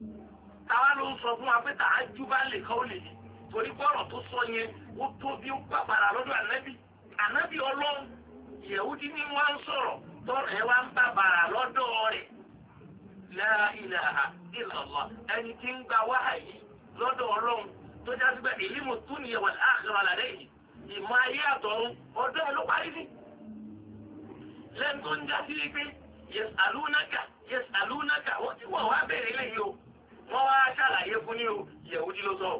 t'a ló ń sọ fún wa pé tà á bá lè kọ́ torí bọ́ọ̀rọ̀ tó sọ yẹn ó tóbi ó pàpàrà lọ́dọ̀ ànábì ànábì ọlọ́run yẹ̀wúdí ni wọ́n á ń sọ̀rọ̀ tọ́rọ̀ ẹ̀ wá ń pàpàrà la ilaha ẹni tí ń gba wáhàyí lọ́dọ̀ ọlọ́run tó já sí pé mo tún nìyẹn wà láàkàrà lálẹ́ yìí ìmọ̀ ayé àtọ̀run ọdọ́ ẹ̀ ló parí sí. lẹ́nu tó ń já sí wọ́n wá ṣàlàyé fún ní Yẹ̀húdí ló sọ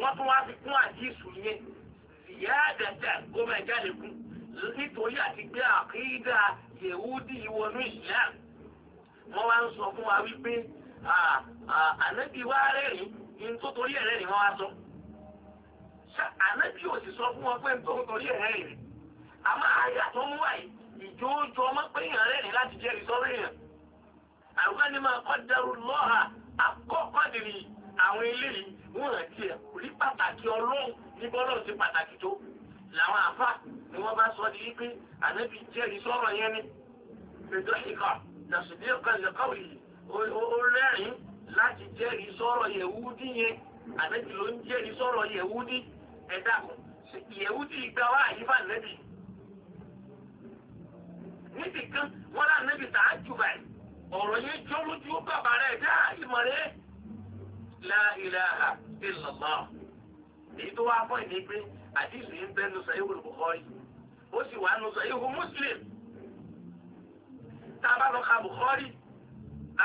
wọ́n tún wá fi kún àdísù yẹn ìyá àdàtà gómìnà jáde kún nítorí àti gbé àkídà Yẹ̀húdí wọnú Islam wọ́n wá ń sọ fún wa wípé ànábì wá rẹ́rìn ní tó torí ẹ̀rẹ́ ni wọ́n wá sọ ànábì ò sì sọ fún wọn pé tó torí ẹ̀rẹ́ rẹ̀ àmọ́ àyà tó ń wáyé ìjó ojú ọmọ pé èèyàn rẹ́rìn láti jẹ́rìí sọ́rọ̀ èèyàn àrùkọ́ ni máa kọ́ dẹrù lọ́ha àkọ́kọ́dìrì àwọn eléyìí wọ́n rántí ẹ̀ rí pàtàkì ọlọ́run ní bọ́lọ̀ sí pàtàkì tó làwọn àfà ni wọ́n bá sọ di wípé ànábì jẹ́rìí sọ̀rọ̀ yẹn ni pẹ̀lú ìkà nàṣùdí ọ̀kan lẹ́kọ̀ọ́ yìí ó rẹ́rìn láti jẹ́rìí sọ̀rọ̀ yẹ̀wúdí yẹn ànábì ló ń jẹ́rìí sọ̀rọ̀ yẹ̀wúdí yẹ̀wúdí wá ọ̀rọ̀ yìí jó lójú bàbá rẹ̀ dá ìmọ̀rẹ́ la ilaha illallah èyí tó wá fún ìdí pé àdìsí ń bẹ́nu sahihul bukhari ó sì wà nù sahihu muslim tá a bá lọ ka bukhari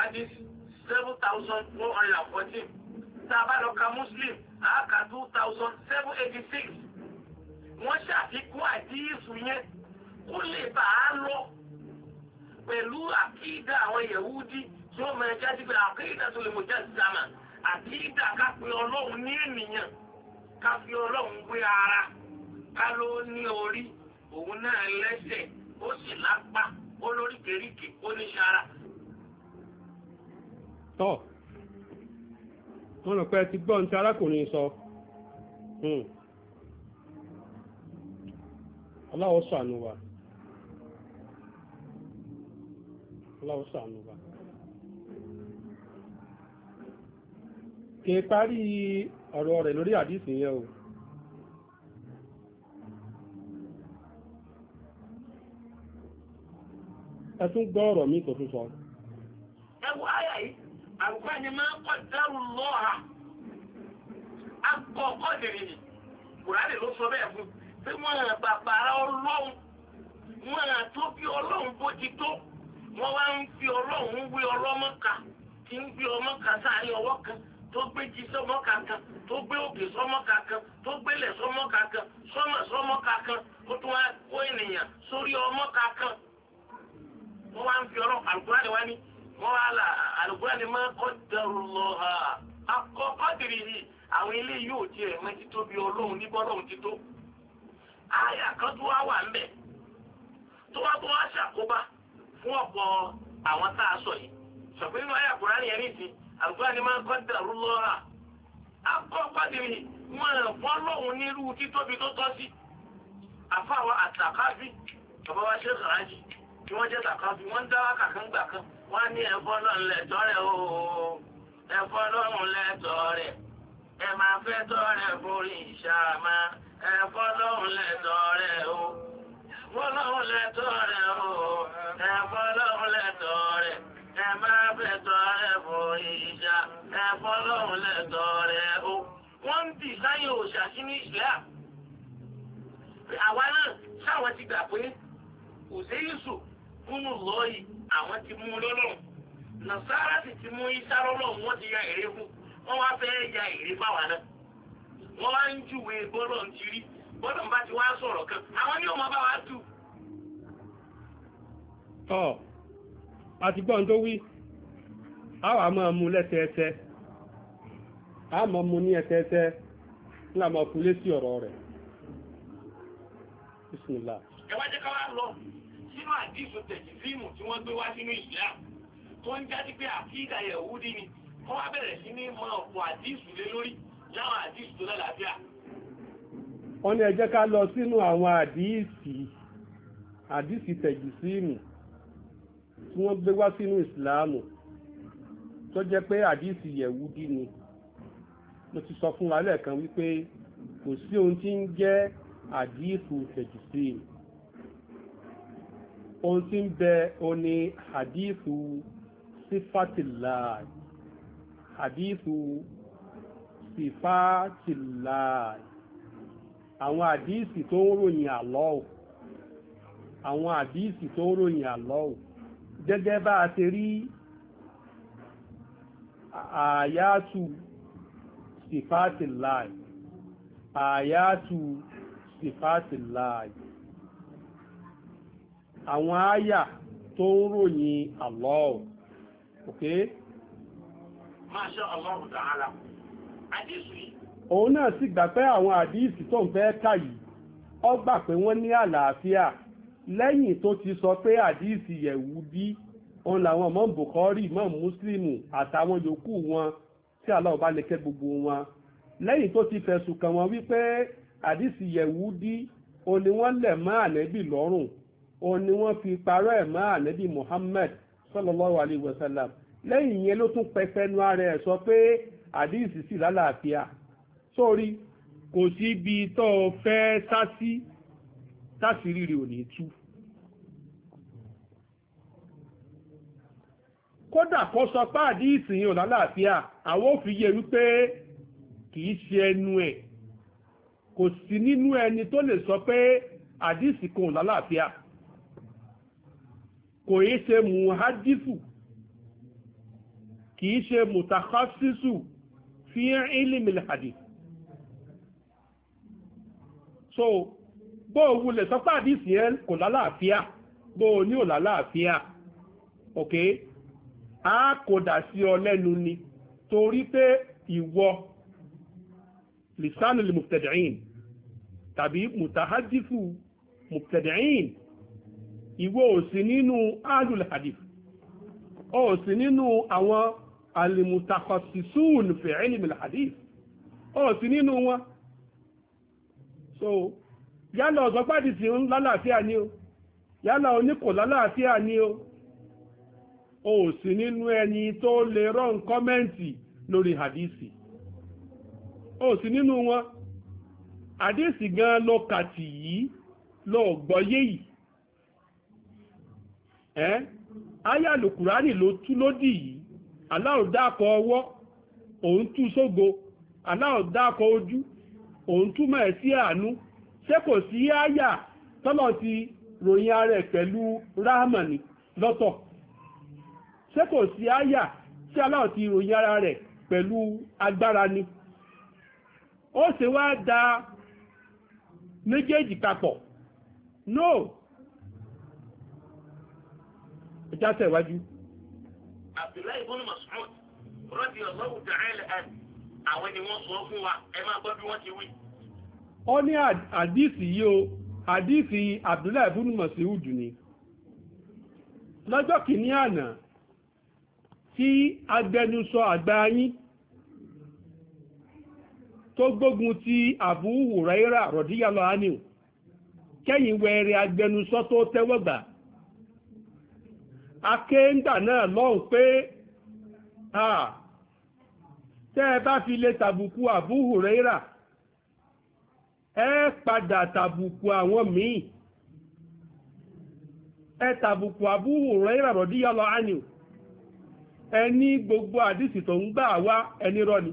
àdìsí seven thousand one hundred and fourteen tá a bá lọ ka muslim àáka two thousand seven eighty six wọ́n ṣàfikún àdìsí yẹn kó lè bàá lọ pẹ̀lú àkídà àwọn Yẹ̀húdí tí ó máa jáde pé àkídà tó lè mọ̀ jáde dàmà àkídà ká pe ọlọ́run ní ènìyàn ká fi ọlọ́run wé ara ká ló ní orí òun náà lẹ́sẹ̀ ó sì lápá ó lóríkèéríkè ó ní sara. tọ́ wọ́n rò pé ti gbọ́ ní ti arákùnrin sọ aláwọ̀ hmm. sànù wa. ọlọ́run ṣàánú wa. kì í parí ọ̀rọ̀ rẹ̀ lórí àdìsí yẹn o. ẹ tún gbọ́ ọ̀rọ̀ mi tó tún sọ. ẹ wọ àyà yìí àgbà ni máa ń kọ́ dárú lọ́ha bàbá ara ọlọ́run wọ́n tó bí ọlọ́run bó ti tó. wọ́n wá ń fi ọlọ́run wé ọlọ́mọ kan tí ń gbé ọmọ kan sáàárín ọwọ́ kan tó gbé jí sọmọ kankan tó gbé òkè sọmọ kankan tó gbélẹ̀ sọmọ kankan sọmọ sọmọ kankan ó tún wá kó ènìyàn sórí ọmọ kankan wọ́n wá ń fi àlùkùrá ni wá ní wọ́n wá là àlùkùrá ni máa kọ́ dẹrù lọ yìí àwọn ilé yóò fún ọ̀pọ̀ àwọn tá a sọ yìí sọ̀pẹ́ nínú ayé àkùrá nìyẹn nìsí àlùkùrá ni máa ń kọ́dà lọ́ra akọ́ pàdémi wọn ẹ̀fọ́ lọ́hùn nírú títóbi tó tọ́ sí àfáwà àtàkáfí bàbá wa ṣe kàrájì kí wọ́n jẹ́ tàkáfí wọ́n ń dá wákà kan gbà kan wọ́n ní ẹ̀fọ́ lọ́hùn lẹ́tọ́ rẹ̀ ooo ẹ̀fọ́ lọ́hùn lẹ́tọ́ rẹ̀ ẹ máa fẹ́ tọ́ rẹ̀ borí ìṣàmà ẹ̀fọ́ lọ́hùn lẹ́tọ́ rẹ̀ ooo fọlọ́hún lẹ́tọ́ rẹ̀ o ẹ fọlọ́hún lẹ́tọ́ rẹ̀ ẹ máa fẹ̀tọ́ rẹ̀ fò ìjà ẹ fọlọ́hún lẹ́tọ́ rẹ̀ o. wọ́n ń dì sáyé òòṣà sí ní Islam àwa náà sáwọn ti gbà pé òṣèyíṣù kúnnù lọ́ọ̀yì àwọn ti mú lọ́lọ́run nàṣàrà sì ti mú iṣá lọ́lọ́run wọ́n ti ya èrè fún wọ́n wá fẹ́ ya èrè fáwa náà wọ́n wá ń júwe bọ́lọ̀ ń ti bọ́dọ̀ bá ti wá sọ̀rọ̀ kan àwọn ní ọmọ bá wá ọ àti gbọ́n tó wí a wà máa mú lẹ́sẹẹsẹ a mú ní ní àmọ́ lé sí ọ̀rọ̀ rẹ̀ bisimilá. lọ sínú wọ́n ń jáde pé ni wọ́n wá bẹ̀rẹ̀ sí ní ọ̀pọ̀ lé wọ́n ní ẹ jẹ́ ká lọ sínú àwọn àdíìsì àdíìsì tẹ̀jùsíìmù tí wọ́n gbé wá sínú ìsìláàmù tó jẹ́ pé àdíìsì yẹ̀wúdí ni mo ti sọ fún wa lẹ́ẹ̀kan wípé kò sí ohun tí ń jẹ́ àdíìsì tẹ̀jùsíìmù ohun tí ń bẹ oní àdíìsì sífàtìláì àdíìsì sífàtìláì àwọn àdíìsì tó ń ròyìn àlọ́ọ̀ àwọn àdíìsì tó ń ròyìn àlọ́ọ̀ gẹ́gẹ́ bá a ti rí àyàtù sifati láì àyàtù sifati láì àwọn àyà tó ń ròyìn àlọ́ọ̀ ok. Masha Allah ta'ala. Àdísù yìí òun náà sì gbà pé àwọn àdíìsì tó ń fẹ́ kà yìí ó gbà pé wọ́n ní àlàáfíà lẹ́yìn tó ti sọ pé àdíìsì yẹ̀wù bí òun làwọn mọ́ bùkọ́rì mọ́ mùsùlùmù àtàwọn yòókù wọn tí aláwọ̀ bá lè kẹ́ gbogbo wọn lẹ́yìn tó ti fẹ̀sùn kàn wọ́n wípé àdíìsì yẹ̀wù dí òun ni wọ́n lẹ̀ mọ́ ànẹ́bì lọ́rùn òun ni wọ́n fi parọ́ ẹ̀ mọ́ ànẹ́bì Muhammad sallallahu alayhi wa sallam lẹ́yìn yẹn ló tún pẹpẹnu ara ẹ̀ sọ pé àdíìsì sì lálàáfíà sórí kò sí ibi tó fẹ́ sásí tásìrí rẹ̀ ò ní tú kódà kó sọ pé àdíìsì yìí ò lálàáfíà àwọn òfin yẹ wípé kì í ṣe ẹnu ẹ̀ kò sí nínú ẹni tó lè sọ pé àdíìsì kan ò lálàáfíà kò í ṣe muhadifu kì ṣe mutakhasisu fi ilmi al-hadith so bó o wulẹ̀ sọ́pá àdìsí ẹ kò lálàáfíà bó o ní ò lálàáfíà ok a kò dà sí ọ lẹ́nu ni torí pé ìwọ lisanu limubtadi'in tàbí mutahadifu mubtadi'in ìwọ ò sí nínú alul hadith ò sí nínú àwọn alimutakọsisun fi ilmi al hadith ò nínú wọn so yálà ọ̀sọ́pàdì si ń lálàáfíà ni o yálà oníkò lálàáfíà ni o o sì nínú ẹni tó lè rán kọ́mẹ́ǹtì lórí hadisi o sì nínú wọn hadisi gan ló kàtì yìí ló gbọ́yé yìí ẹ aya lùkùránì ló tú lódì yìí aláòdákọ̀ ọwọ́ òun tú sógo aláòdákọ̀ ojú òun túmọ̀ ẹ̀ sí àánú ṣé kò sí àyà tọ́lọ̀ ti ròyìn ara ẹ̀ pẹ̀lú ráhámàní lọ́tọ̀ ṣé kò sí àyà tí aláwọ̀ ti ròyìn ara rẹ̀ pẹ̀lú agbára ni ó ṣe wá da méjèèjì papọ̀ no ẹjá tẹ̀wájú. Abdullahi ibn Mas'ud radiyallahu ta'ala anhu àwọn ni wọ́n sọ fún wa ẹ máa gbọ́ bí wọ́n ti wí. ó ní àdíìsì yìí o àdíìsì Abdullahi ibn Mas'ud ni lọ́jọ́ kìíní àná tí agbẹnusọ àgbà yín tó gbógun ti Abu Huraira radiyallahu anhu kẹ́yìn wẹ̀rẹ̀ agbẹnusọ tó tẹ́wọ́gbà akéńdà náà lọ́hùn pé tẹ́ ẹ bá fi lè tàbùkù Abu Huraira ẹ padà tàbùkù àwọn míì ẹ tàbùkù Abu Huraira radiyallahu anhu ẹni gbogbo àdìsì tó ń gbà wá ẹni rọ́ ni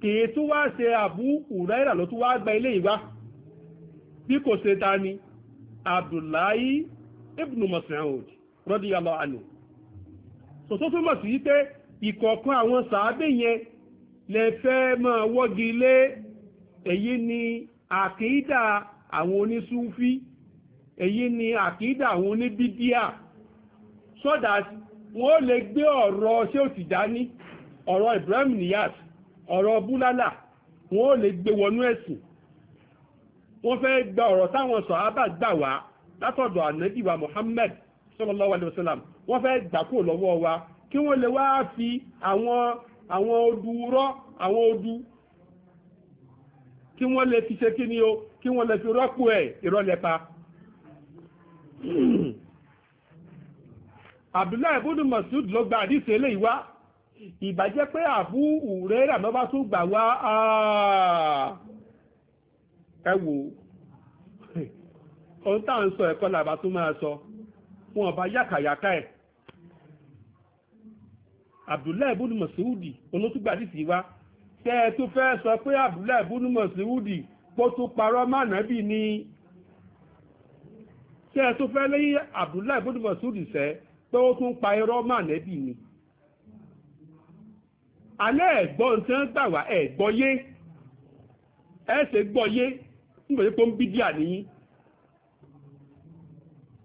kìí tún wá ṣe Abu Huraira ló tún wá gba ilé ìwá bí kò ṣe ta ni Abdullahi ibn Mas'ud lọ anhu sòtó túmọ̀ sí pé ìkọ̀ọ̀kan àwọn sàábé yẹn lè fẹ́ máa wọ́gi lé èyí ni àkídà àwọn onísúfí èyí ni àkídà àwọn oníbídíà so that wọ́n lè gbé ọ̀rọ̀ ṣé ò Tìjání ọ̀rọ̀ Ibrahim Niyas ọ̀rọ̀ búlálà wọ́n lè gbé wọnú ẹ̀sìn wọ́n fẹ́ gba ọ̀rọ̀ táwọn sàábà gbà wá látọ̀dọ̀ ànábì wa Muhammad sallallahu alaihi wasallam wọ́n fẹ́ gbà kúrò lọ́wọ́ wa kí wọ́n lè wá fi àwọn àwọn odu rọ́ àwọn odu kí wọ́n lè fi ṣe kí ni o kí wọ́n lè fi rọ́pò ẹ̀ ìrọ́lẹ́pa Abdullahi ibn Mas'ud ló gba àdíṣe eléyìí wá ìbàjẹ́ pé àbú Hurairah ló bá tún gbà wá ẹ wò ohun táà ń sọ ẹ̀kọ́ làbá tún máa sọ wọn ọba yàkàyàkà ẹ̀ abdullahi ibn mas'udi onótúgbà dìtì wa tẹ́ ẹ tó fẹ́ sọ pé abdullahi ibn mas'udi kó tó parọ́ mọ́ ànábì ni tẹ́ ẹ tó fẹ́ lẹ́yìn abdullahi ibn mas'udi sẹ́ pé ó tún pa irọ́ mọ́ ànábì ni alẹ́ ẹ̀gbọ́ ń tẹ́ gbà wá ẹ̀gbọ́ yé ẹ̀ẹ́sẹ̀ gbọ́ yé nígbà tí kò ń bídíà nìyí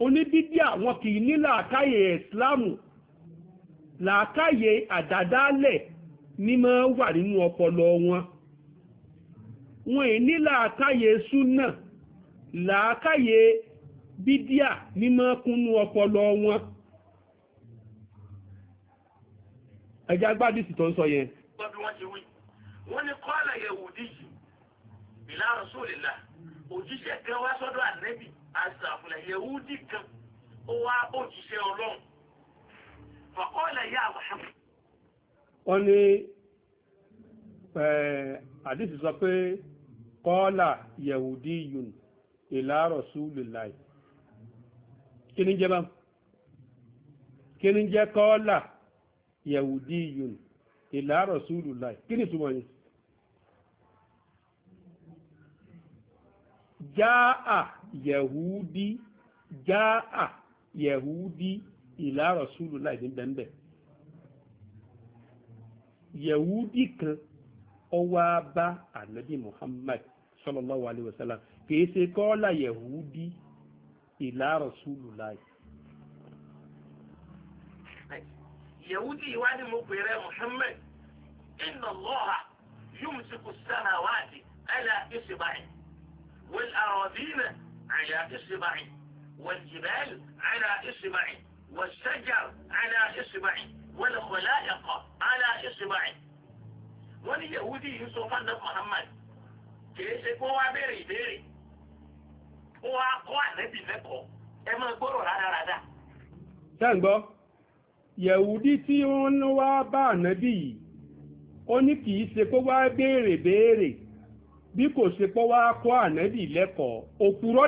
oníbídíà wọn kì í nílà káyè ìsìláàmù làákàyè àdádálẹ̀ ní máa wà nínú ọpọlọ wọn wọn è ní làákàyè súnà làákàyè bídíà ní máa kúnnú ọpọlọ wọn ẹjá gbádìsì tó ń sọ yẹn wọ́n ní kọ́lá yẹ̀wùdí yìí ìlà Rasulillah òjíṣẹ́ kan wá sọ́dọ̀ ànẹ́bì àṣà àfúnlẹ̀ yẹ̀wùdí kan ó wá òjíṣẹ́ ọlọ́run fọ̀kọ́lẹ̀ yá Muhammad. ó ní àdìsí sọ pé kọ́ọ́là yẹ̀wùdí yùn ìlà Rasulullahi kí ni jẹ́ bá kí ni jẹ́ kọ́ọ́là yẹ̀wùdí yùn ìlà Rasulullahi kí ni túmọ̀ yìí. jáà yẹ̀wùdí jáà yẹ̀wùdí ìlà rọ̀súlù láì ní bẹ́ńbẹ́ yẹ̀wúdì kan ó wá bá ànábì Muhammad sallallahu alayhi wa sallam kìí ṣe kọ́ọ́lá yẹ̀wúdí ìlà rọ̀súlù láì. yẹ̀wúdí ìwádìí mo pèrè Muhammad inna Allaha yumsiku as-samawati ala isba'i wal aradina ala isba'i wal jibali ala isba'i. والشجر على إصبعه والخلائق على إصبعه wọ́n ní yahudi yìí sọ fún ànábì muhammad kìí ṣe kó wá béèrè ìbéèrè kó wá kọ́ lẹ́kọ̀ọ́ ẹ máa gbọ́rọ̀ sẹ́ǹgbọ́ yahudi tí wọ́n ń wá bá ànábì yìí ó ní kìí ṣe kó wá béèrè béèrè bí kò ṣe kó wá kọ́ ànábì lẹ́kọ̀ọ́ òpùrọ́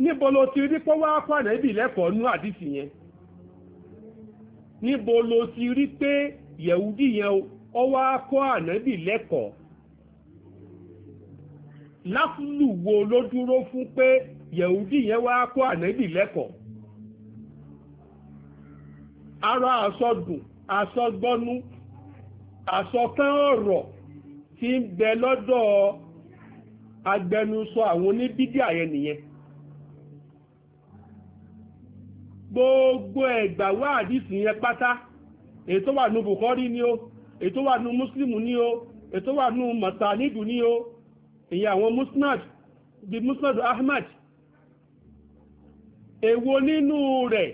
níbo ló ti rí pé wá kọ́ ànábì lẹ́kọ̀ọ́ nú àdìsí yẹn níbo ló ti rí pé yẹ̀wùdí yẹn ọ wá kọ́ ànábì lẹ́kọ̀ọ́ láfúlù ló dúró fún pé yẹ̀wùdí yẹn wá kọ́ ànábì lẹ́kọ̀ọ́ ara àsọdùn àsọgbọ́nú àsọkán ọ̀rọ̀ tí ń bẹ lọ́dọ̀ agbẹnusọ àwọn oníbídíà yẹn gbogbo ẹ̀gbàwá àdìsí yẹn pátá èyí tó wà nù Bukhari ni o èyí tó wà nù Muslim ni o èyí tó wà nù Matanidu ni o ìyẹn àwọn Musnad di Musnad Ahmad èwo nínú rẹ̀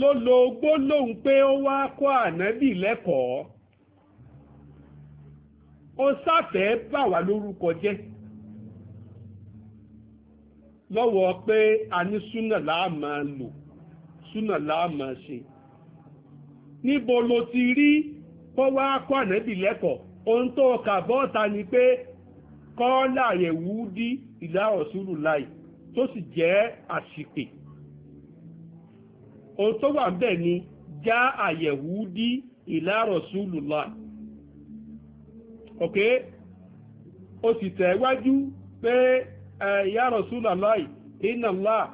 ló lo gbólóhùn pé ó wá kọ́ ànábì lẹ́kọ̀ọ́ ó sáfẹ́ bà wá lórúkọ jẹ́ lọ́wọ́ pé a ní súnà láà máa lò. súnà láàmà ṣe níbo lo ti rí pọ́wọ́ akọ́ ànẹ́bì lẹ́kọ̀ọ́ ohun tó kà bọ́ọ̀ta ni pé dí ìlà tó sì jẹ́ àṣìpè ohun tó wà ń bẹ̀ ni já àyẹ̀wò dí ìlà ok sì tẹ̀wájú pé ẹ̀yà láì iná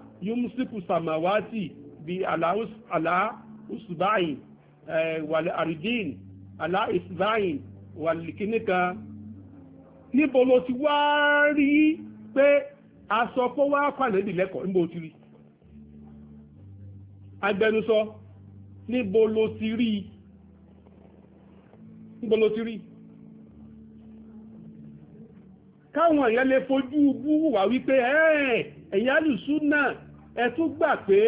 bíi aláùsùbáyìn eh, wàlẹ̀ àrídìn aláìsùbáyìn wàlẹ̀ kìnníkà níbo ló ti wá rí pé aṣọ kó wá pàlẹ́bì lẹ́kọ̀ọ́ níbo ti rí agbẹnusọ níbo ló ti rí níbo ló ti rí káwọn èèyàn lè fojú bú wà wípé ẹ̀ẹ́n ẹ̀yà lùsùn náà ẹ tún gbà pé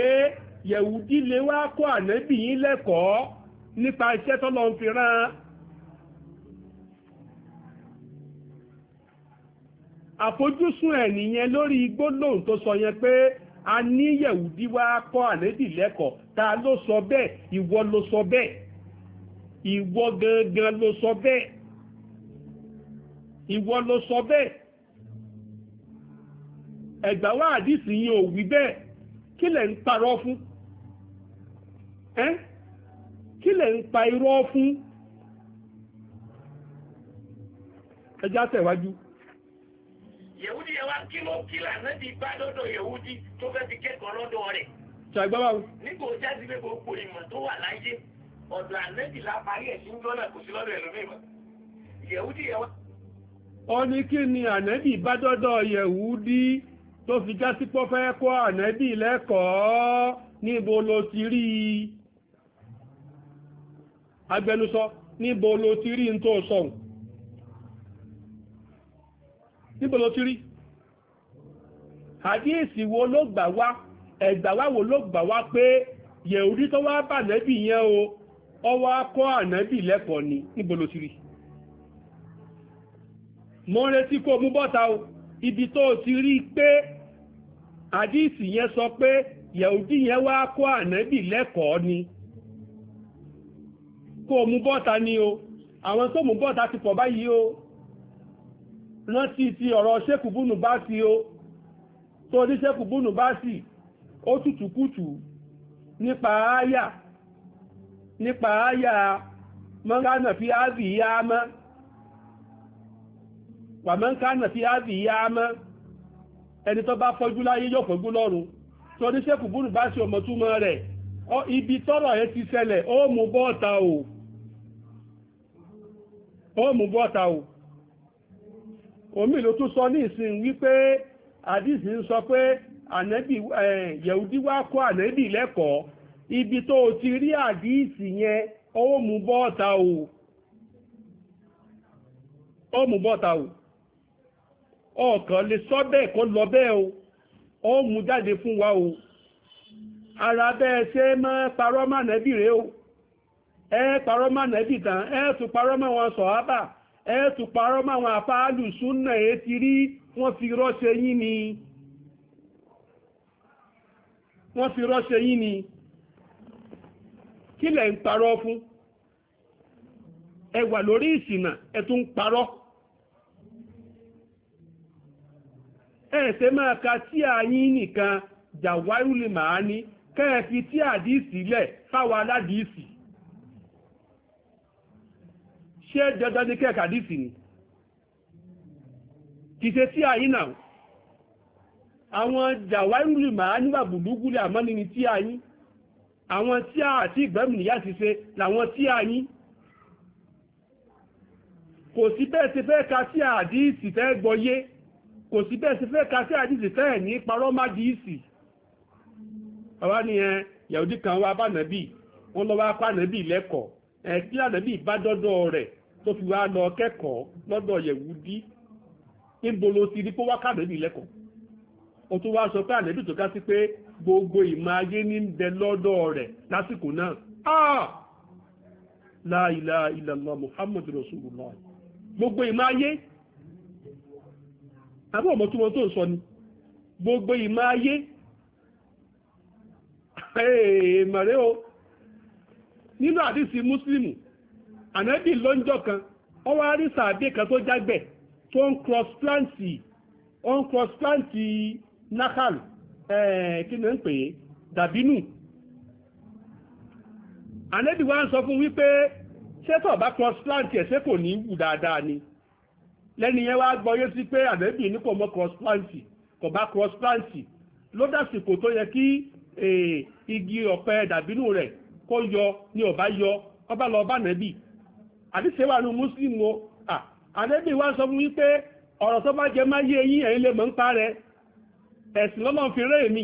yẹ̀wùdí lè wá kọ́ ànábì yín lẹ́kọ̀ọ́ nípa iṣẹ́ tọ́lọ́ ń fi rán àfojúsùn ẹ̀ nìyẹn lórí gbólóhùn tó sọ yẹn pé a ní yẹ̀wùdí wá kọ́ ànábì lẹ́kọ̀ọ́ ta ló sọ bẹ́ẹ̀ ìwọ ló sọ bẹ́ẹ̀ ìwọ gangan ló sọ bẹ́ẹ̀ ìwọ ló sọ bẹ́ẹ̀ ẹ̀gbà wá àdìsí yín ò wí bẹ́ẹ̀ kí lẹ̀ ń parọ́ fún ẹ́ kí lẹ̀ ń pa irọ́ fún ẹjá tẹ̀wájú yẹ̀wúdí yẹn wá kí ló kí lànà di bá lọ́dọ̀ yẹ̀wúdí tó fẹ́ fi kẹ́kọ̀ọ́ lọ́dọ̀ rẹ̀ ṣàgbọ́báwò nígbò jáde pé gbogbo ìmọ̀ tó wà láyé ọ̀dọ̀ ànẹ́bì láparí ẹ̀ sí ń lọ́nà kò sí lọ́dọ̀ ẹlòmíràn yẹ̀wúdí yẹn wá. ó ní kí ni ànẹ́bì bá dọ́dọ̀ yẹ̀wúdí tó fi já sí pọ́ fẹ́ kọ́ ànẹ́bì lẹ́kọ̀ọ́ níbo lo ti rí i. agbẹnusọ níbo ló ti rí n tó sọ̀hún níbo ló ti rí àdíyèsí wo ló gbà wá ẹ̀gbà wá wo ló gbà wá pé yẹ̀wùdí tó wá bà nẹ́bì yẹn o ọwọ́ akọ́ ànẹ́bì lẹ́kọ̀ọ́ ni níbo ló ti rí mo ń retí kó mú bọ́ta o ibi tó ti rí pé àdíyèsí yẹn sọ pé yẹ̀wùdí yẹn wá kọ́ ànẹ́bì lẹ́kọ̀ọ́ ni kó mú bọ́ta ni o àwọn tó mú bọ́ta ti pọ̀ báyìí o rántí ti ọ̀rọ̀ ṣékùbúnù bá sí o tó ní ṣékùbúnù bá sí ó tútùkútù nípa ááyà nípa ááyà mọ́ngánà fi áàbì yá mọ́ wà mọ́ngánà fi áàbì yá mọ́ ẹni tó bá fọ́jú láyé yóò fọ́jú lọ́run tó ní ṣékùbúnù bá sí ọmọ túmọ̀ rẹ̀ ibi tọ́rọ̀ ẹ ti ṣẹlẹ̀ ó mú bọ́ta o. ó mú bọ́ta o omi ló tún sọ ní ìsìn wípé àdìsí ń sọ pé ànẹ́bì yẹ̀údí wá kó ibi tó ti rí àdìsí yẹn ó bọ́ta o o ọ̀kan lè sọ bẹ́ẹ̀ kó o ó fún wa o ara bẹ́ẹ̀ ṣe máa parọ́ o. e parọ́ mọ́ nẹ́bì tán ẹ tún wọn sọ̀hábà ẹ tún parọ́ rí wọ́n fi rọ́ṣe yín ni wọ́n fi ni kílẹ̀ ń parọ́ fún ẹ wà lórí ìsìnà ẹ parọ́ máa ka tí a yí nìkan jàwárù lè máa ní kẹ́ẹ̀fi tí àdìsí lẹ̀ fáwọn aládìsí ṣé dandan ní kẹ́ẹ̀kà dìsì ni kì í ṣe tí àyín náà àwọn jàwáìrì màá níwà bùdúgúlẹ̀ àmọ́ni ni tí àyín àwọn tí a àti ìgbẹ́mù níyà ti ṣe làwọn tí àyín kò sí bẹ́ẹ̀ ṣe fẹ́ ka sí àdìsì fẹ́ gbọ́yé kò sí bẹ́ẹ̀ ṣe fẹ́ ka sí àdìsì fẹ́ ní parọ́ má dìísì ọwá ni ẹ yàwùdí kan wá bá nàbì wọ́n lọ wá pa nàbì lẹ́kọ̀ọ́ ẹ̀ kí lànàbì bá dọ́dọ̀ rẹ̀ tó fi wá lọ kẹ́kọ̀ọ́ lọ́dọ̀ yẹ̀wúdí níbo ló ti rí pé wá kàdébì lẹ́kọ̀ọ́ o tún wá sọ pé àlébì tó ká sí pé gbogbo ìmọ̀ ayé ní ń bẹ lọ́dọ̀ rẹ̀ lásìkò náà ah! la ilaha illallah muhammadu rasulullah gbogbo ìmọ̀ ayé àbí ọmọ tí wọ́n tó ń sọ ni gbogbo ìmọ̀ ayé èèmọ̀ rẹ o nínú àdìsí múslímù ànábì lọ́njọ́ kan ó wá rí kan tó jágbẹ̀ tó ń cross plant ń cross plant nakal kí ni ń pè é dàbínú ànábì wá ń sọ fún ni lẹ́ni yẹn wá gbọ́yé sí pé ànábì ní kò mọ cross plant kò bá cross plant ló igi ọ̀pẹ dàbínú rẹ̀ kó yọ ni ó yọ ọba lọ àdíṣe wà ní muslim o àdẹ́bì wá sọ fún wípé ọ̀rọ̀ tó bá jẹ má yé eyín ẹ̀yin lè mọ̀ ń pa ẹ̀sìn fi rẹ́ mi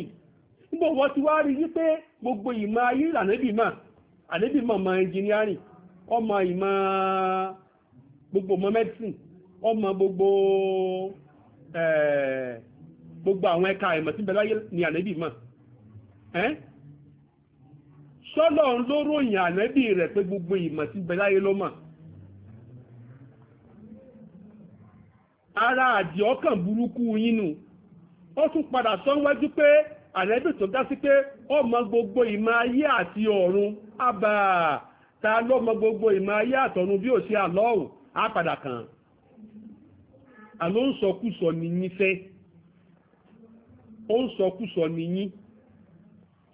gbogbo wọ́n ti wá rí wípé gbogbo ìmọ̀ ayé àdẹ́bì mà àdẹ́bì mọ̀ mọ̀ engineering ọmọ ìmọ̀ gbogbo mọ̀ medicine ọmọ gbogbo gbogbo àwọn ẹ̀ka ìmọ̀ tí bẹ̀rẹ̀ ní ànẹ́bì mọ̀ sọ́lọ̀ ara àdì ọkàn burúkú yín nù ó tún padà sọ pé àrẹ́bì tó dá sí pé ó mọ gbogbo ìmọ̀ ayé àti ọ̀run àbà ta ló mọ gbogbo ìmọ̀ ayé àtọ̀run bí ò sí àlọ́ọ̀hùn á padà kàn àló ń sọkúsọ nìyí fẹ́ ó ń sọkúsọ nìyí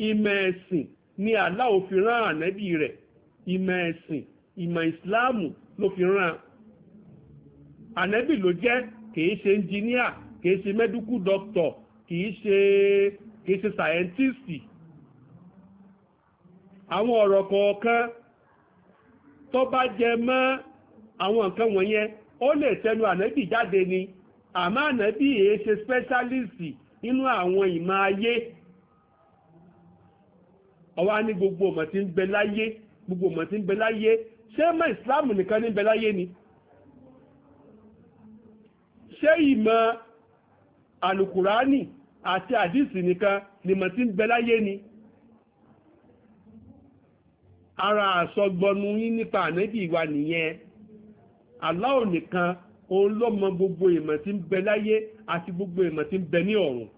ìmọ̀ ẹ̀sìn ni Allah ó fi rán ànábì rẹ̀ ìmọ̀ ẹ̀sìn ìmọ̀ ìsìláàmù ló fi rán anebi ló jẹ́ kìí ṣe ẹnjìníà kìí ṣe mẹ́díkù dọ́kítọ̀ kìí ṣe kìí ṣe sàyẹ́ntìsì àwọn ọ̀rọ̀ kọ̀ọ̀kan tó bá jẹ mọ́ àwọn nǹkan wọ̀nyẹn ó lè tẹnu jáde ni àmọ́ ànẹ́bì èé ṣe spẹ́ṣálìsì nínú àwọn ìmọ̀ ayé gbogbo ọmọ tí ń gbogbo ọmọ tí ń bẹ láyé ṣé mọ́ ìsìláàmù nìkan ni. ṣé ìmọ̀ alùkùránì àti àdìsì nìkan nìmọ̀ tí ń bẹ láyé ni ara àsọgbọnu yín nípa ànábì wa nìyẹn aláò nìkan òun ló mọ gbogbo ìmọ̀ tí ń bẹ láyé àti gbogbo ìmọ̀ tí ń bẹ ní ọ̀run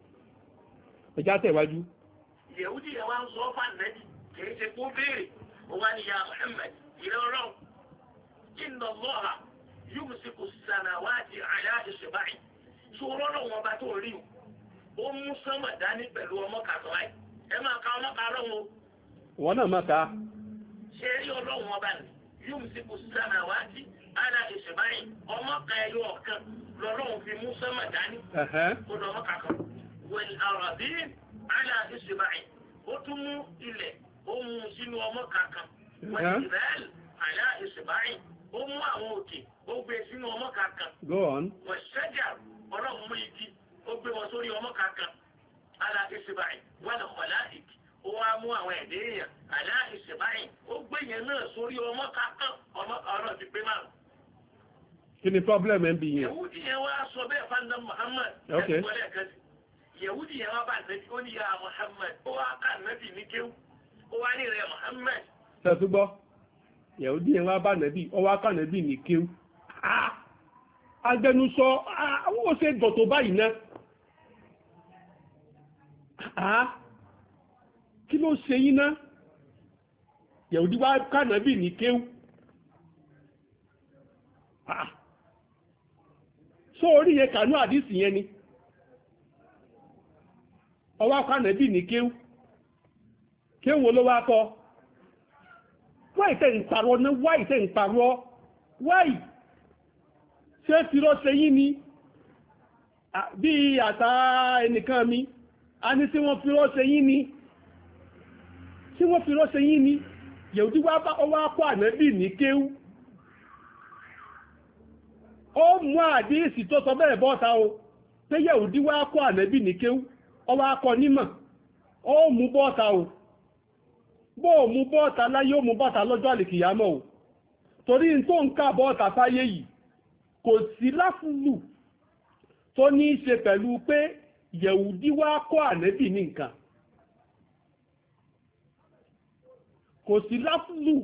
ẹjá tẹ̀wájú. yẹ̀wúdì yẹn wá ń sọ fún kì í ṣe kó béèrè òun wá ní ya Muhammad ìrẹ́ ọlọ́run kí n lọ lọ́ha yóò sì kò sànà wáàdì àyà ìṣèbáyì tó rọ́nà wọn bá tó rí o ó mú sánmà dání pẹ̀lú ọmọ kàtọ́ ẹ̀ ẹ máa ka ọmọ kà rọ̀ wọn. wọn náà máa ka. ṣé rí ọlọ́run ọba ni yóò sì kò sànà wáàdì àyà ìṣèbáyì ọmọ kà ẹyọ ọ̀kan lọ́lọ́run fi mú sánmà dání kó lọ ọmọ kàtọ́ wẹ̀l àràbí àyà ìṣèbáyì ó tún mú ilẹ̀ ó mú sínú ọmọ kàkan wẹ̀l ìbẹ́ẹ̀lì àyà ìṣèbáyì ó mú àwọn òkè gbé sínú ọmọ kankan. go on. wọ́n ṣẹ́jà ọlọ́run mú igi ó gbé wọn sórí ọmọ kankan. ala ìṣèbáyì wàlẹ̀ kọ̀láìkì ó wá mú àwọn ẹ̀dẹ́ èèyàn ala ìṣèbáyì ó gbé yẹn náà sórí ọmọ kankan ọmọ ọ̀rọ̀ ti pé márùn. kí ni problem ẹ̀ ń bí yẹn. yẹ̀wùdí yẹn wá sọ bẹ́ẹ̀ fanda Muhammad. ok yẹ̀wùdí yẹn wá bá nẹ́bí ó ní ya Muhammad ó wá ká nẹ́bí ní kéwù ó wá ní rẹ̀ Muhammad. sẹ́túgbọ́ yẹ̀wùdí yẹn wá bá nẹ́bí ó wá ká nẹ́bí ní kéwù. Ah, agbẹnusọ ah, àwọn òṣè dọ̀tò báyìí náà ah, kí ló ṣe yín náà yẹ̀wùdí wá kànábì ní kéwù só orí yẹ kànú àdísì yẹn ni Ọwá kànábì ní kéwù kéwù ló wá kọ́ wáì tẹ́ ń parọ́ náà wáì ń parọ́ wáì. ṣé yìí ni bí àtàrà ẹnìkan mi a ní ni tí wọ́n fi yìí ni yẹ̀wùdí wá bá ọwọ́ apọ̀ ànẹ́bì ní kéwú ó mú àdíyèsí o pé yẹ̀wùdí wá kọ́ ànẹ́bì ní kéwú mú bọ́ta o bó mú bọ́ta láyé ó mú bọ́ta lọ́jọ́ o torí tó ń ká kò sí láfúlù tó ní í ṣe pẹ̀lú pé yẹ̀wùdí wá kọ́ ànẹ́bì ní nǹkan kò sí láfúlù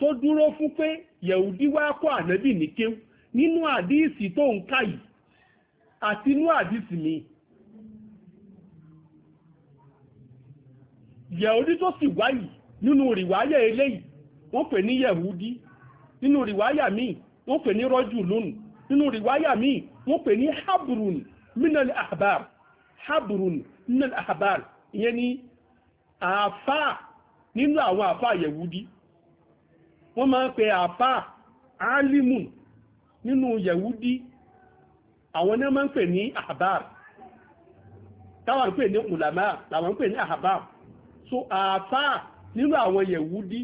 tó dúró fún pé yẹ̀wùdí wá kọ́ ànẹ́bì ní kéwù nínú àdíìsì tó ń ká yìí àti inú àdíìsì mi yẹ̀wùdí tó sì wáyìí nínú rìwáyà eléyìí wọ́n pè ní yẹ̀wùdí nínú rìwáyà míì wọ́n pè ní rajulun nínú rìwáyà míì wọ́n pè ní habrun minal ahbar habrun minal ahbar ìyẹn ni àfà nínú àwọn àfà yẹ̀wúdí wọ́n máa ń pè àfà alimun nínú yẹ̀wúdí àwọn náà máa ń pè ní ahbar táwọn pè ní ulama làwọn pè ní ahbar so àfà nínú àwọn yẹ̀wúdí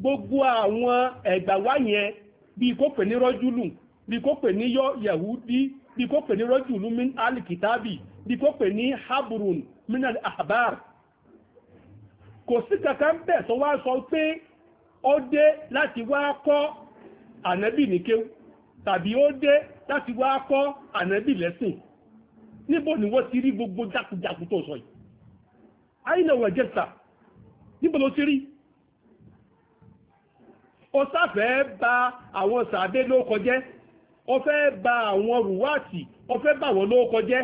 gbogbo àwọn ẹ̀gbà wáyẹn bí kò pè ní rọ́júlù bí kò pè ní yahudi bí kò pè ní rọ́júlù min alikitabi bí kò pè ní haburun min alahabar. ahbar kò sí kankan bẹ́ẹ̀ tó wá sọ pé ó dé láti wá kọ́ ànábì níkéwù tàbí ó dé láti wá kọ́ ànábì lẹ́sìn níbo ni wọ́n ti rí gbogbo jákujàku tó sọ yìí àyìnà wọ̀ jẹ́ta níbo ló ti rí ó sáfẹ́ ba àwọn sàdé ló kọjẹ́ ó fẹ́ ba àwọn rùwáàtì ó fẹ́ bà wọ́n ló kọjẹ́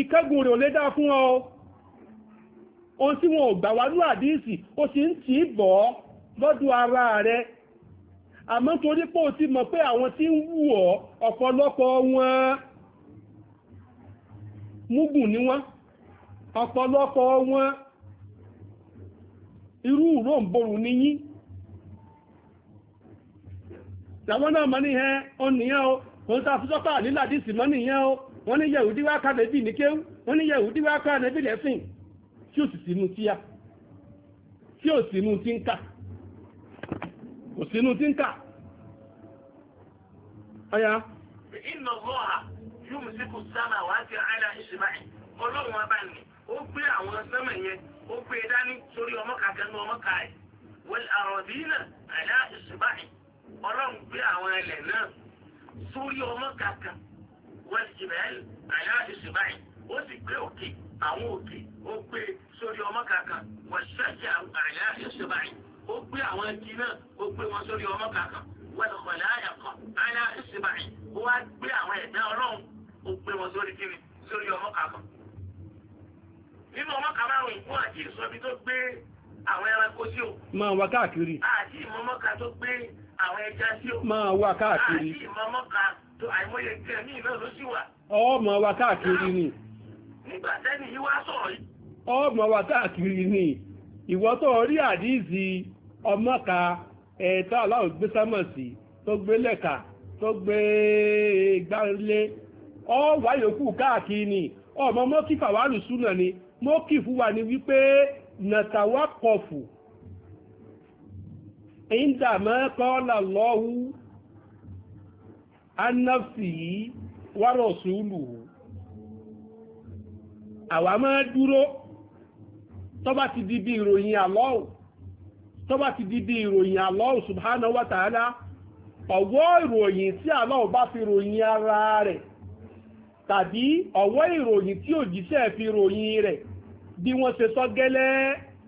ìkẹ́gùn rẹ̀ ò lè dáa fún ọ ohun tí wọn ò gbà wá ní àdíìsì ó sì ń tì bọ̀ ọ́ ara rẹ. àmọ́ torí pé o ti mọ̀ pé àwọn tí ń wù ọ́ wọn múgùn ni wọ́n ọ̀pọ̀lọpọ̀ wọn irú ìró ń ní yín làwọn náà ma ní ó nìyẹn o wọ́n sá fún sọ́pàá nílà dìsì mọ́ o wọ́n ní yẹ̀wù díwá ká ní kéwú wọ́n ní yẹ̀wù díwá ká nẹ́bì tí ò sì sínú tíyà tí ò sínú tí ń kà kò sínú tí ń kà ọ̀yá. yóò ó gbé àwọn sẹ́mẹ̀ yẹn ó gbé e dání sórí ọmọ kàkẹ́ ní ọmọ kàáyì wọ́n àròbí náà àdá ìṣùbáyì ọlọ́run gbé àwọn ẹlẹ̀ náà sórí ọmọ kàkẹ́ wọ́n ìbẹ̀ẹ́lì àdá ìṣùbáyì ó sì gbé òkè àwọn òkè ó gbé e sórí ọmọ kàkẹ́ wọ́n ṣẹ́jà àdá ìṣùbáyì ó gbé àwọn ẹtì náà ó gbé wọn sórí ọmọ kàkẹ́ wọ́n ìkọ̀lẹ́ àyàkọ́ àdá ìṣùbáyì ó wá gbé àwọn ẹ̀dá ọlọ́run ó gbé wọn sórí kíni sórí ọmọ kàkẹ́ nínú ọmọ kàmá àwọn ìkún àti ìsọ̀bí tó gbé àwọn ẹranko sí o. máa wá káàkiri. àti ìmọ̀mọ́ka tó gbé àwọn ẹja sí o. máa wá káàkiri. àti ìmọ̀mọ́ka tó àìmọye nǹkan ní ìlú ló sì wà. ọmọ wá káàkiri ni. nígbà tẹ́ni yìí wá sọ̀rọ̀ yìí. ọmọ wá káàkiri ni ìwọ tó rí àdízi ọmọka ẹ̀ẹ́ta aláwọ̀ gbé sámọ̀sì tó gbé lẹ́ka tó gbé gbálé ọ wáyòkú káàkiri ni ọmọ mọ́kífà wàlùsùn náà ni mọ́kìfù wà ni wípé nàtàwà kọfù ìdàmọ́ kọ́lá lọ́hú anáfì wárọ̀ sùúlù àwa máa dúró tọ́bá ti di bí ìròyìn Allah tọ́bá ti di bí ìròyìn Allah subhanahu wa ta'ala ìròyìn tí bá fi ròyìn ara rẹ̀ tàbí ìròyìn tí òjíṣẹ́ fi ròyìn rẹ̀ bí wọ́n ṣe sọ gẹ́lẹ́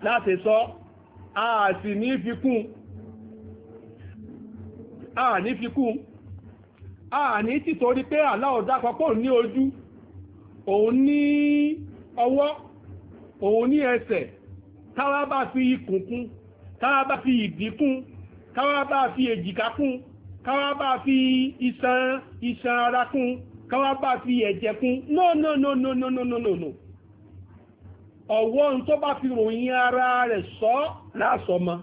láti sọ a sì ní fikún a ní fikún a ní títorí pé aláọ̀dá àpapọ̀ ní ojú òun ní ọwọ́ òun ní ẹsẹ̀ táwa bá fi ikùn kún táwa bá fi ìdí kún táwa bá fi èjìká kún káwá bá fi iṣan iṣan ara kún káwá bá fi ẹ̀jẹ̀ kún no no no no no no no no no ọ̀wọ́ ń tó bá fi ròyìn ara rẹ̀ sọ lásọmọ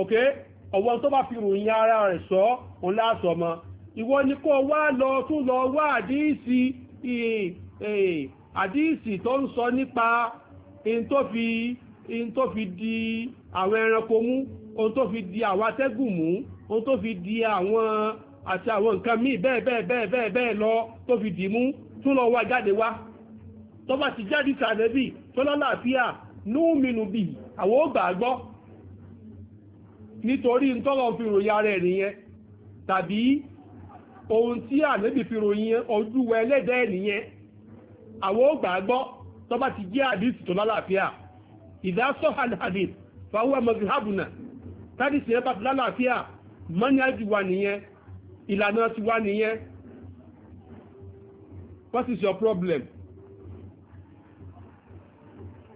ok ọ̀wọ́ tó bá fi ròyìn ara rẹ̀ sọ òun lásọmọ ìwọ ni kó wá lọ tún lọ wá àdíìsì àdíìsì tó ń sọ nípa in tó fi in tó fi di àwọn ẹranko mú ohun tó fi di àwọn atẹ́gùn mú ohun tó fi di àwọn àti àwọn nǹkan míì bẹ́ẹ̀ bẹ́ẹ̀ bẹ́ẹ̀ bẹ́ẹ̀ lọ tó fi dì mú tún lọ wá jáde wá tó bá ti jáde sànẹ́bì tó lọ́láàfíà núùmínú bì àwọn ò gbàgbọ́ nítorí ntọ́lọ̀ fi ròyìn ara nìyẹn tàbí ohun tí ànẹ́bì fi ròyìn ojú ẹlẹ́dẹ̀ nìyẹn àwọn ò gbàgbọ́ tó bá ti jẹ́ àdìsí tó lọ́láàfíà ìdásọ́ àdìsí fàwọn ẹmọ̀sí hábùnà tàdìsí ẹ bá ti lọ́láàfíà mọ́ni àjùwà nìyẹn ìlànà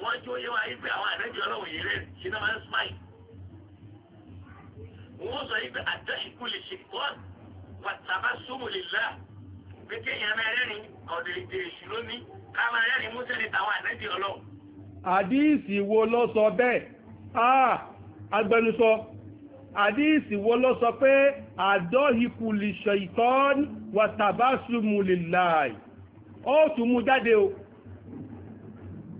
wọ́n jó yé wa yí pé àwọn ànábì ọlọ́run yìí rẹ̀ ṣe náà máa ń smile. wọ́n sọ yí pé àdáṣekú lè ṣe kọ́ wàtàbá sómù lè là pé kéèyàn máa rẹ́rìn ọ̀dẹ̀dẹ̀ èṣù lónìí ká máa rẹ́rìn músẹ́ ní tàwọn ànábì ọlọ́run. àdíìsì wo ló sọ bẹ́ẹ̀ ah agbẹnusọ àdíìsì wo ló sọ pé àdọ́hìkù lè ṣe ìtọ́ wàtàbá sómù lè là ó tún mú jáde o.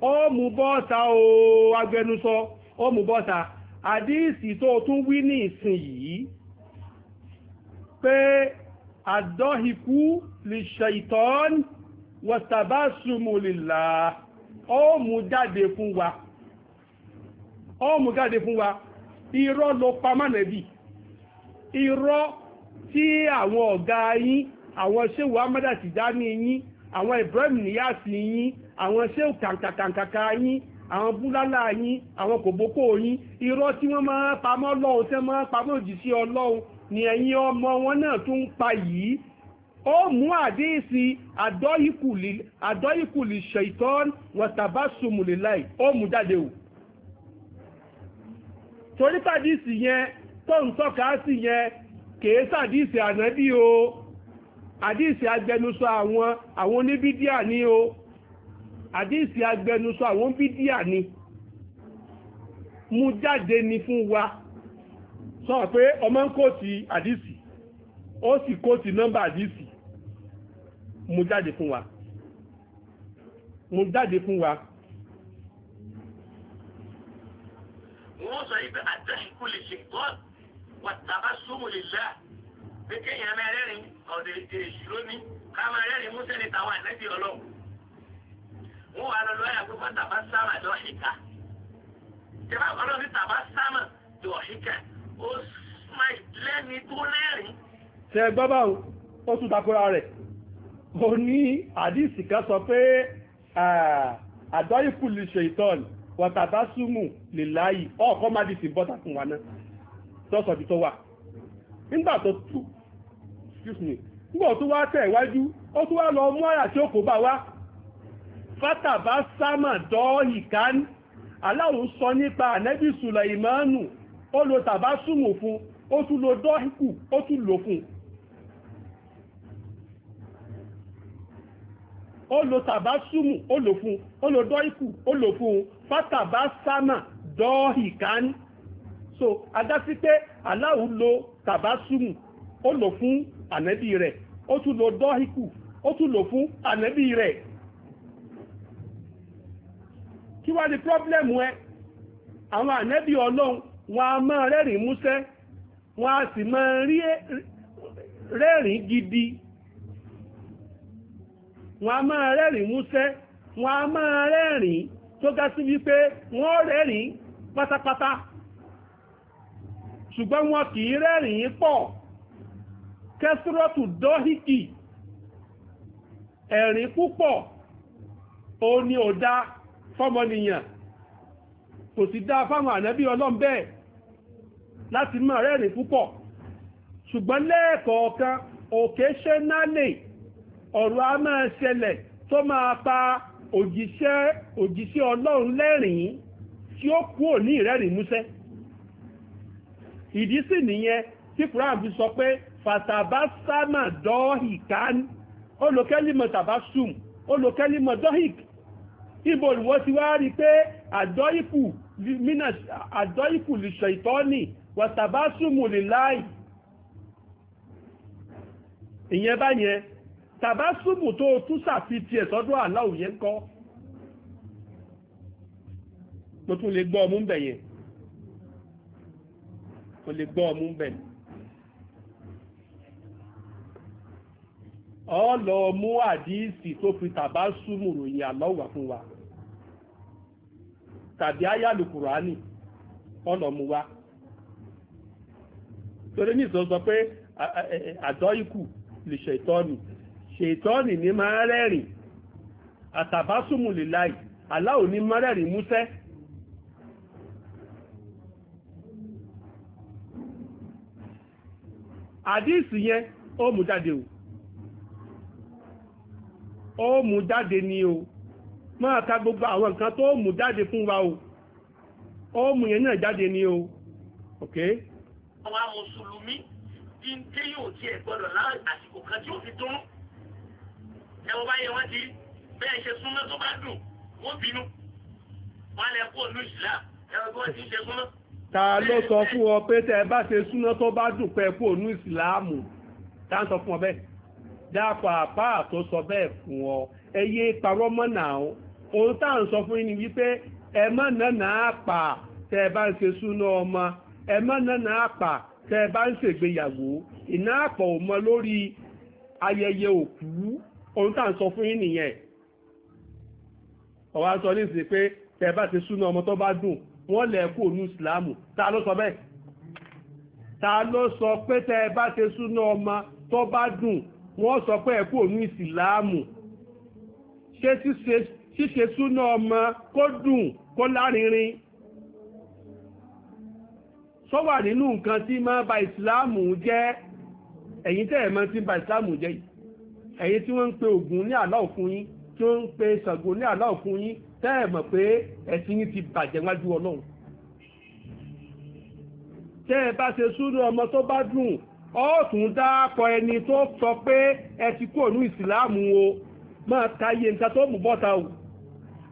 ó mú bọ́ta o agbẹnusọ ó mú bọ́ta àdíìsì tó tún wí ní ìsìn yìí pé àdọ́hìkú lè ṣaitan wọ̀tàbásùmù lìlà ó mú jáde fún wa ó mú jáde fún wa irọ́ ló pa mánẹ̀bí irọ́ tí àwọn ọ̀gá yín àwọn ṣéwàá mádàtìdá ní yín àwọn Ibrahim níyàsí yín àwọn ṣéù kàǹkàǹkàǹkà yín àwọn búlálà yín àwọn kòbókò yín irọ́ tí wọ́n máa pamọ́ lọ́hùn tí wọ́n máa pamọ́ òjìṣẹ́ ọlọ́hun ni ẹ̀yin ọmọ wọn náà tún ń pa yìí ó mú àdéhìsí àdọ́yìkùlì ṣèitán wọ̀tàbásùmùlélàì ó mú jáde o torí pàdísì yẹn tó ń tọ́ka sí yẹn kèé sàdísì ànábì o àdísì agbẹnusọ àwọn àwọn oníbídíà ní o àdíìsì agbẹnusọ àwọn bídíà ni mú jáde ni fún wa sọ pé ọmọ ń kóòtì àdíìsì ó sì kóòtì nọ́mbà àdíìsì mú jáde fún wa mú jáde fún wa wọ́n sọ ibi àtẹ́sìkú lè ṣe gbọ́ wàtàbá súnmù lè lá pé kéèyàn mẹ́rẹ́rin ọ̀dẹ̀ èṣù lónìí ká máa rẹ́rin músẹ́ ní tàwọn ọlọ́run wọ́n wà lọ lọ́yà pé wọ́n tàbá sáàmà lọ ṣìkà ìjọba ọ̀rọ̀ ní tàbá sáàmà lọ ṣìkà ó máa lẹ́ni tó lẹ́rìn. ṣe gbọ́ báwo ó tún takora rẹ̀ ó ní àdìsí kan sọ pé àdọ́yìkù lè ṣe ìtọ́ni wàtàbá súnmù lè láàyè ọ̀ọ́kọ́ má di sí bọ́tà fún wa náà tọ́sọ̀bí tó wà nígbà tó tú excuse me nígbà tó wá tẹ̀ iwájú ó tún wá lọ mú àyà tí ó kò bá wá fátàbá sámà dọ́ọ̀hì kán aláwọ̀ sọ nípa ànẹ́bì sùlẹ̀ìmánù ó lo tàbá súnmù fún ó tún lo dọ́ọ̀hìkù ó tún lò fún ó lo tàbá súnmù ó lò fún ó lo dọ́ọ̀hìkù ó lò fún fátàbá sámà dọ́ọ̀hì kán so adásí pé aláwọ̀ lo tàbá súnmù ó lò fún ànẹ́bì rẹ̀ ó tún lo dọ́ọ̀hìkù ó tún lò fún ànẹ́bì rẹ̀ kí wá ní pọ́blẹ́mù ẹ àwọn ànẹ́bí ọlọ́run wọn a máa rẹ́rìn músẹ́ wọn a sì máa rẹ́rìn gidi wọn a máa rẹ́rìn músẹ́ wọn a máa rẹ́rìn tó ga sí wípé wọ́n rẹ́rìn pátápátá ṣùgbọ́n wọn kì í rẹ́rìn pọ̀ kẹsírọ́tù dọ́híkì púpọ̀ ò dáa fọ́mọnìyàn kò sì dáa fáwọn ànábí ọlọ́run bẹ́ẹ̀ láti máa rẹ́rìn púpọ̀ ṣùgbọ́n lẹ́ẹ̀kọ̀ọ̀kan occasionally ọ̀rọ̀ a máa ṣẹlẹ̀ tó máa pa òjíṣẹ́ ọlọ́run lẹ́rìn tí ó kúrò ní ìrẹ́rìn músẹ́ ìdí sì nìyẹn tí sọ pé sámà ibo ìwọ ti wá rí pé àdọ́ìkù lè ṣe ìtọ́ni wàtàbásùmù lè láì ìyẹn bá yẹn tàbásùmù tó tún sàfitì ẹ̀ sọ́dọ̀ aláwò yẹn kọ́ mo tún lè gbọ́ ọmú ń bẹ̀ yẹn mo lè gbọ́ ọmú ń bẹ̀ ọ lọ mú àdíìsì tó fi tàbá súnmù ròyìn àlọ́wà fún wa tàbí áyàlù kùránì ọlọ́mú wa torí ní ìsọ sọ pé àdọ́ ikú lè ṣètọ́nì ṣètọ́nì ní máa rẹ́rìn àtàbásùmù lè láì aláò ní máa rẹ́rìn músẹ́ àdíìsì yẹn ó mú jáde ó mú jáde ni o máa ka gbogbo àwọn nǹkan tó mú jáde fún wa o ó mú yẹn náà jáde ni o ok. àwọn mùsùlùmí tí ń ké yóò tiẹ̀ gbọ́dọ̀ láwọn àsìkò kan tí ó fi dún ẹ̀wọ̀n báyẹn wọ́n ti bẹ́ẹ̀ ṣe súnmọ́ tó bá dùn wọ́n bínú wọ́n lẹ kó olú ìsìlá ẹ̀wọ̀n bí wọ́n ti ṣe súnmọ́. ta ló sọ fún ọ pé tẹ ẹ bá ṣe súnmọ́ tó bá dùn pé kó olú ìsìláàmù tá ń sọ fún ọ bẹ́ẹ̀ dáàpọ̀ àpá àtó bẹ́ẹ̀ fún ọ ẹ yé parọ́ mọ́ náà onu tá à ń sọ fún yín ni wípé ẹ má nànà àpà tẹ́ ẹ bá ń ṣe súná ọmọ ẹ má nànà àpà tẹ́ ẹ bá ń ṣègbéyàwó ìná àpà ò lórí ayẹyẹ òkú ohun tá à ń sọ fún yín nìyẹn ọ̀wá sọ pé tẹ́ ẹ bá súná ọmọ tó bá dùn wọ́n lẹ̀ kú òun ìsìláàmù ta ló sọ bẹ́ẹ̀ ta ló sọ pé tẹ́ ẹ bá súná ọmọ tó bá dùn wọ́n sọ pé ṣíṣe súná ọmọ kó dùn kó lárinrin sọ́wà nínú nǹkan tí máa ba ìsìláàmù jẹ́ ẹ̀yin tẹ́ ẹ̀mọ́ tí ba ìsìláàmù jẹ́ yìí ẹ̀yin tí wọ́n ń pe Ògún ní àlá òfun yín tí wọ́n ń pe Ṣàngó ní àlá òfun yín tẹ́ ẹ̀mọ̀ pé ẹ̀sìn yín ti bàjẹ́ wájú Ọlọ́run tẹ́ ẹ bá ṣe súnú ọmọ tó bá dùn ọ́ọ̀tún dáàkọ ẹni tó sọ pé ẹ ti kúrò ní ìsìláàmù o máa ta iye nǹkan tó mú bọ́ta o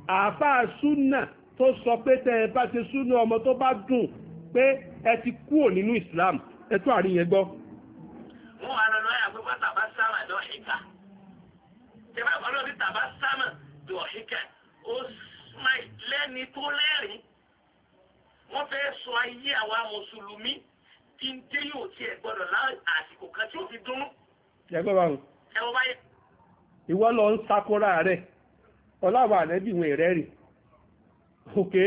àáfàá súnà tó sọ pé tẹ ẹ bá ṣe súnà ọmọ tó bá dùn pé ẹ ti kúrò nínú Islam ẹ tó àrí yẹn gbọ́. mo wà lọ lọ́yà pé wọ́n tàbá sáàmà lọ ṣíkà ṣe bá wọn lọ́ọ́ ní tàbá sáàmà lọ ṣíkà ó lẹ́ni tó lẹ́rìn wọ́n fẹ́ sọ ayé àwa mùsùlùmí tí ń dé yóò tiẹ̀ gbọ́dọ̀ láwọn àsìkò kan tí ó fi dúnú. ẹgbẹ́ wa o. ẹ wọ́n báyẹn. ìwọ lọ ń sakora rẹ̀ ọláwà ànẹ́bí wọn ìrẹ́rìn òkè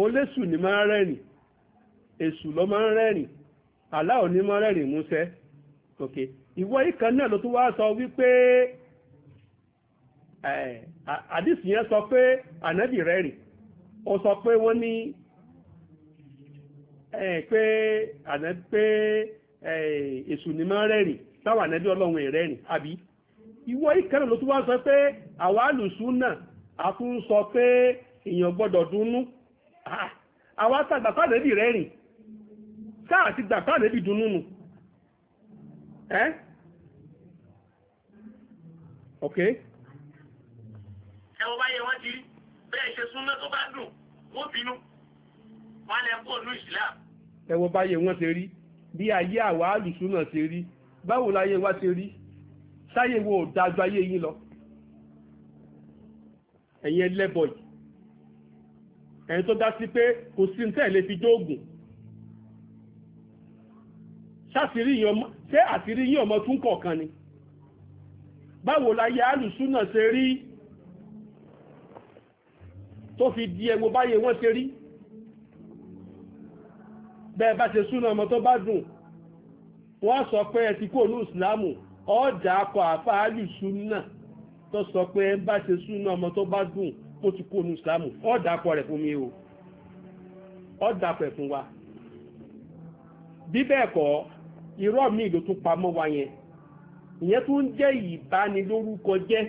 olésù ni máa ń rẹ́rìn èṣù ló máa ń rẹ́rìn aláwọ̀ ni máa ń rẹ́rìn músẹ́ òkè ìwọ ìkan náà ló tún wá sọ wípé àdìsí yẹn sọ pé ànẹ́bí rẹ́rìn ó sọ pé wọ́n ní pé ànẹ́bí pé èṣù ni máa ń rẹ́rìn táwọn ànẹ́bí ọlọ́run ìrẹ́rìn àbí ìwọ ìkànnì ló tún wá sọ pé àwa àlùsúnà a tún sọ pé èèyàn gbọ́dọ̀ dunnú ah, àwa àtàgbà fàdébì rẹ̀ rìn sáà ti gbà fàdébì dunnú nù ẹ́ ok. ẹ wọ́n bá yẹ wọ́n ti rí bẹ́ẹ̀ ṣe súnmọ́ tó bá dùn wọ́n bínú wọ́n lẹ́ kó ìlú ìsìlámù. ẹ bá yẹ wọ́n ti rí bí ayé àwa àlùsúnà ti rí báwo láyé wa ti rí sáyé wo ò dájú ayé yín lọ ẹ̀yin ẹlẹ́bọ̀ yìí ẹ̀yin tó dá sí pé kò sí ní tẹ̀lé fi dóògùn ṣàṣírí yín ọmọ ṣé àṣírí yín ọmọ tún kọ̀ọ̀kan ni báwo láyé alùsúnà ṣe rí tó fi di ẹwọ báyé wọ́n ṣe rí bẹ́ẹ̀ bá ṣe súnà ọmọ tó bá dùn wọ́n sọ pé ẹ ti kó ní ìsìlámù ọjà akọ àfáàlù súnà tó sọ pé ẹ bá ṣe súnà ọmọ tó bá dùn kó ti kó nu ìsìlámù ọjà rẹ̀ fún mi o ọjà ẹ̀ fún wa bí bẹ́ẹ̀ irọ́ mi ló tún pamọ́ wa yẹn ìyẹn tún jẹ́ ìbánilórúkọ jẹ́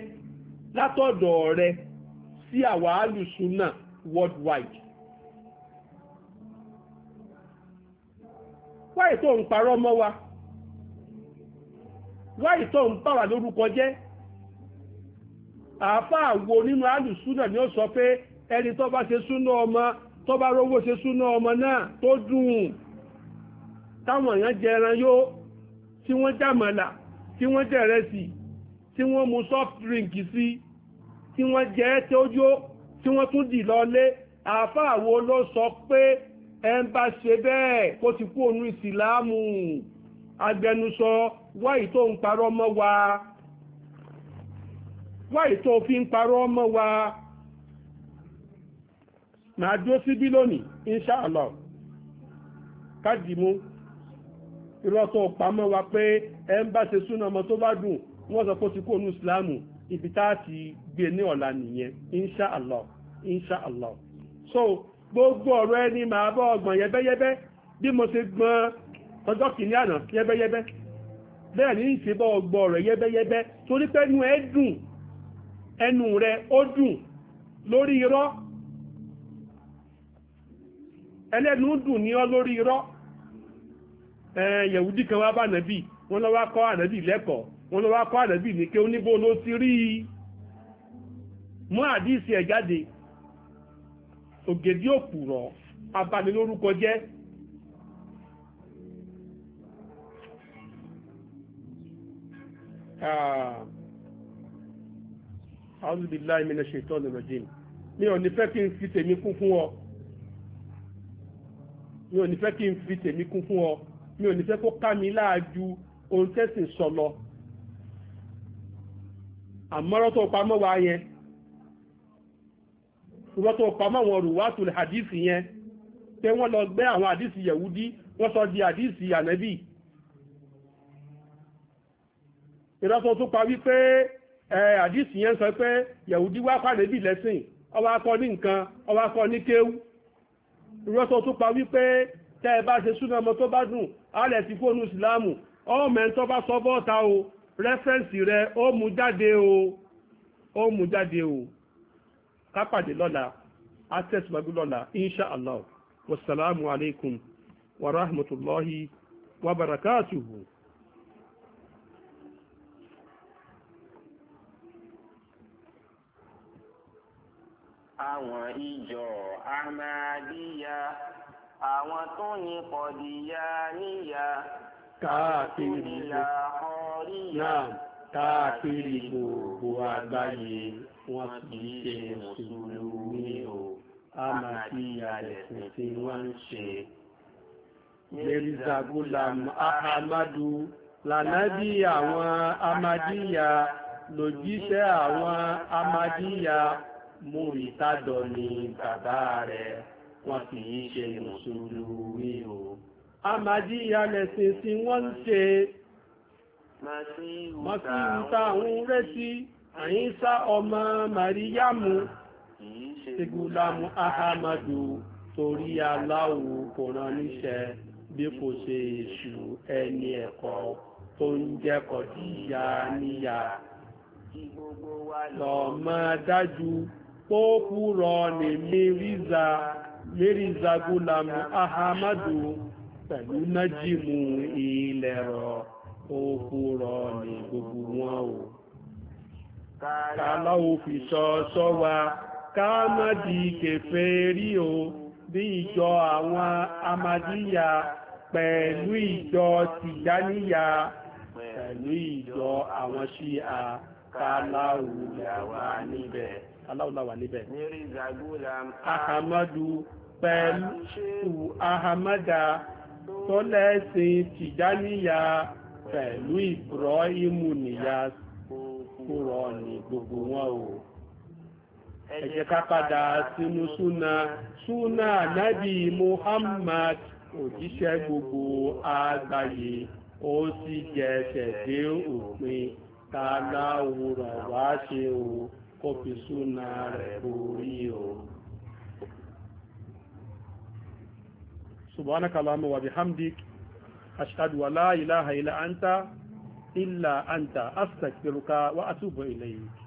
látọ̀dọ̀ rẹ sí àwa alùsùnà worldwide. wáyé tó ń parọ́ mọ́ wa wáyìí tó ń bà wá lórúkọ jẹ́ àáfàá wo nínú àlùsúnà ni ó sọ pé ẹni tó bá ṣe súnà ọmọ tó bá rówó ṣe súnà ọmọ náà tó dùn táwọn èèyàn jẹ ẹran yó tí wọ́n jàmọ̀là tí wọ́n jẹ̀rẹsì tí wọ́n mu soft drink sí tí wọ́n jẹ́ tí tí wọ́n tún dì lọlé àáfàá wo ló sọ pé ẹ ń bá ṣe bẹ́ẹ̀ kó ti kú òun ìsìláàmù. agbẹnusọ wáyìí tó ń parọ́ mọ́ wa wáyìí tó fi ń parọ́ mọ́ wa màá dúró síbí lónìí inṣàlá kádìmú irọ́ tó pamọ́ wa pé ẹ ń bá ṣe súnà ọmọ tó bá dùn wọ́n sọ pé ó ti kó nu ìsìláàmù ibi tá a ti gbé ní ọ̀la nìyẹn inṣàlá inṣàlá so gbogbo ọ̀rọ̀ ẹni màá bọ́ ọgbọ̀n yẹ́bẹ́yẹ́bẹ́ bí mo ṣe gbọ́n tọjọ́ kìíní àná yẹ́bẹ́yẹ́bẹ́ bẹ́ẹ̀ ní ìṣẹ́bọ́ ọgbọ́ rẹ̀ yẹ́bẹ́yẹ́bẹ́ torí pé ẹnu ẹ dùn ẹnu rẹ̀ ó dùn lórí irọ́ ẹlẹ́nu dùn ní ọ lórí irọ́ yẹ̀wùdí kan wá bá ànábì lẹ́kọ̀ọ́ ní oníbó ló ti rí i mú ẹ̀ jáde ògèdè òpùrọ̀ abanilórúkọ jẹ́ Ah. a'udhu billahi minash shaitani rajim mi ò ní fẹ́ kí n fi tèmi kún fún ọ mi ò ní fẹ́ kí n fi tèmi kún fún ọ mi ò ní fẹ́ kó ká mi láàájú ohun tẹ́sìn sọ lọ àmọ́rọ́ tó pamọ́ wa yẹn ìwọ́n tó pamọ́ àwọn ruwatul hadith yẹn pé wọ́n lọ gbé àwọn hadith Yahudi wọ́n sọ di hadith ànábì ìrọ́sọ tún pa wípé àdìsí yẹn sọ pé yẹ̀wùdí wá pàdé bí lẹ́sìn ọwọ́ akọ ní nǹkan ọwọ́ akọ ní kéwú ìrọ́sọ tún pa wípé tẹ́ ẹ bá ṣe súnà ọmọ tó bá dùn alẹ̀ ti fóònù ìsìláàmù sọ bọ́ọ̀ta o rẹ́fẹ́ǹsì rẹ ó mú jáde o ó mú jáde o insha allah wasalaamu alaykum wa rahmatulahi wa barakatuhu. àwọn ìjọ ahmadiyya àwọn tó ní kọ̀díyà níyà káàkiri náà káàkiri gbogbo àgbáyé wọn kì í ṣe mùsùlùmí o ahmadiyya lẹ̀sìn tí wọ́n ń ṣe. Mirza Gulam Ahmadu lànábì àwọn Ahmadiyya lòjíṣẹ́ àwọn Ahmadiyya. mórí tádọ ni bàbá rẹ̀ wọ́n kì í ṣe mùsùlùmí o. Ahmadiyya lẹ̀sìn tí wọ́n ń ṣe masihu táwọn ń retí ọmọ màríyámù ahamadu torí aláwo kò bí kò ṣe èṣù ẹni ẹ̀kọ́ tó ń jẹ́kọ̀ọ́ níyà kpọkwụrọ merizagulam ahamadu pẹ̀lú nájímù ilẹ̀ rọ̀ òkúrọ̀ ní gbogbo wọn o kàlá òfin sọ́ọ́sọ́ wa o bí pẹ̀lú ìjọ tìjáníyà pẹ̀lú ìjọ àwọn ṣíà kàlá òwúlẹ̀ wa aláwòláwà níbẹ̀. ahamadu pẹ̀lú ahamada tó tìjáníyà pẹ̀lú ìbúrọ́ìmù nìyà kúrọ̀ ní gbogbo wọn o. ká padà Muhammad òjíṣẹ́ gbogbo àgbáyé ó sì jẹ́ dé òpin ó fi súnà rẹ̀ borí o. subhanaka allahumma wa bihamdik ashhadu an la ilaha illa anta illa anta astaghfiruka wa atubu ilayk